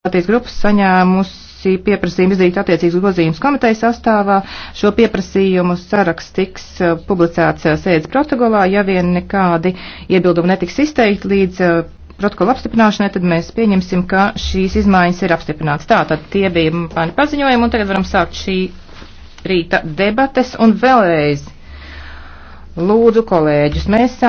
Latvijas grupas saņēmusi pieprasījumu izdarīt attiecīgus grozījumus komitejas sastāvā. Šo pieprasījumu saraksts tiks eh, publicēts eh, sēdes protokolā, ja vien nekādi iebildumi netiks izteikti līdz eh, protokola apstiprināšanai, tad mēs pieņemsim, ka šīs izmaiņas ir apstiprināts. Tā tad tie bija mani paziņojumi, un tagad varam sākt šī rīta debates. Un vēlreiz lūdzu kolēģus, mēs